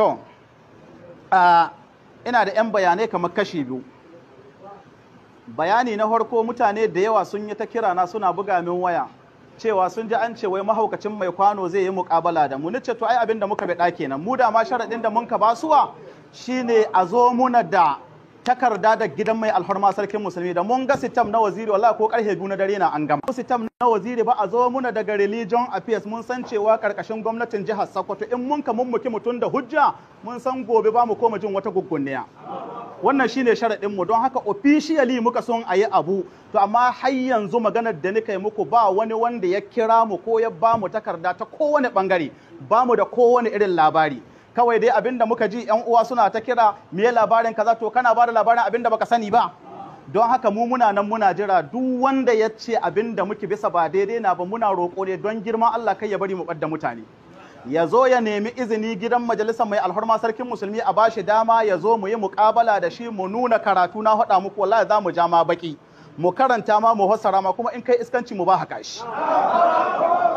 to ina da 'yan bayanai kamar kashi biyu bayani na harko mutane da yawa sun yi ta na suna buga min waya cewa sun ji an ce wai mahaukacin mai kwano zai yi mukabala da mu ce to ai abin da muka bi kenan mu da ma sharaɗin da mun ka basuwa shine a zo muna da takarda da gidan mai alhorma sarkin musulmi da mun ga sitam na waziri wallahi ko karhe biyu na dare na an gama sitam na waziri ba a zo muna daga religion affairs mun san cewa karkashin gwamnatin jihar Sokoto in mun ka mummuki mutun da hujja mun san gobe ba mu koma jin wata guggunniya wannan shine sharadin mu don haka officially muka son ayi abu to amma har yanzu maganar da nika muku ba wani wanda ya kira mu ko ya ba mu takarda ta kowane bangare ba mu da kowane irin labari kawai dai abin da muka ji yan uwa suna ta kira me labarin kaza to kana ba da labarin abin da baka sani ba don haka mu muna nan muna jira duk wanda ya ce abin da muke bisa ba daidai na ba muna roƙo ne don girma Allah kai ya bari mu ɓadda mutane ya zo ya nemi izini gidan majalisar mai alhorma sarkin musulmi a bashi dama ya zo mu yi muƙabala da shi mu nuna karatu na haɗa muku wallahi za mu ja ma baki mu karanta ma mu fassara ma kuma in kai iskanci mu ba haka shi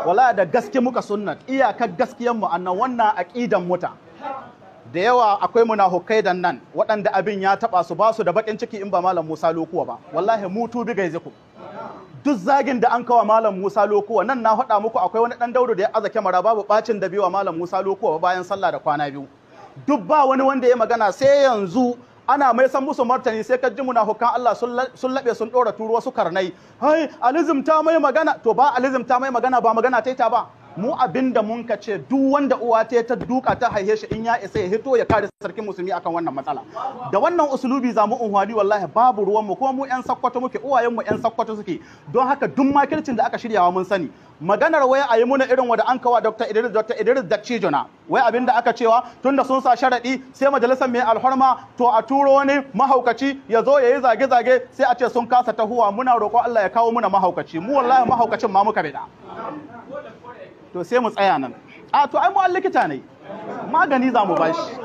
wallahi da gaske muka sunna iyakar gaskiyar mu annan wannan aqidan muta da yawa akwai hukai dan nan waɗanda abin ya taɓa su ba su da baƙin ciki in ba malam Musa lokuwa ba wallahi mutu bi ku duk zagin da an kawa malam Musa lokuwa nan na haɗa muku akwai wani ɗan daudu da ya aza kyamara babu bacin da biyu malam Musa lokuwa bayan sallah da kwana biyu duk ba wani wanda ya magana sai yanzu ana mai san musu martani sai ka ji muna hukan Allah sun laɓe sun ɗora turu wasu karnai hai alizim ta mai magana to ba alizim ta mai magana ba magana ta ba mu abin da mun ka ce duk wanda uwa ta ta duka ta haihe shi in ya isa ya hito ya kare sarkin musulmi akan wannan matsala da wannan usulubi za mu unhwani wallahi babu ruwan mu kuma mu yan sakkwato muke uwayen mu yan sakkwato suke don haka duk makircin da aka shiryawa mun sani maganar waya a yi muna irin wanda an kawa Dr. Idris Dr. Idris da Cijona wai abin da aka cewa tunda sun sa sharadi sai majalisar mai alhorma to a turo wani mahaukaci ya zo ya yi zage-zage sai a ce sun kasa tahuwa muna roƙo Allah ya kawo muna mahaukaci mu wallahi mahaukacin ma muka bida to sai mu tsaya nan a to ai mu likita ne magani za mu bashi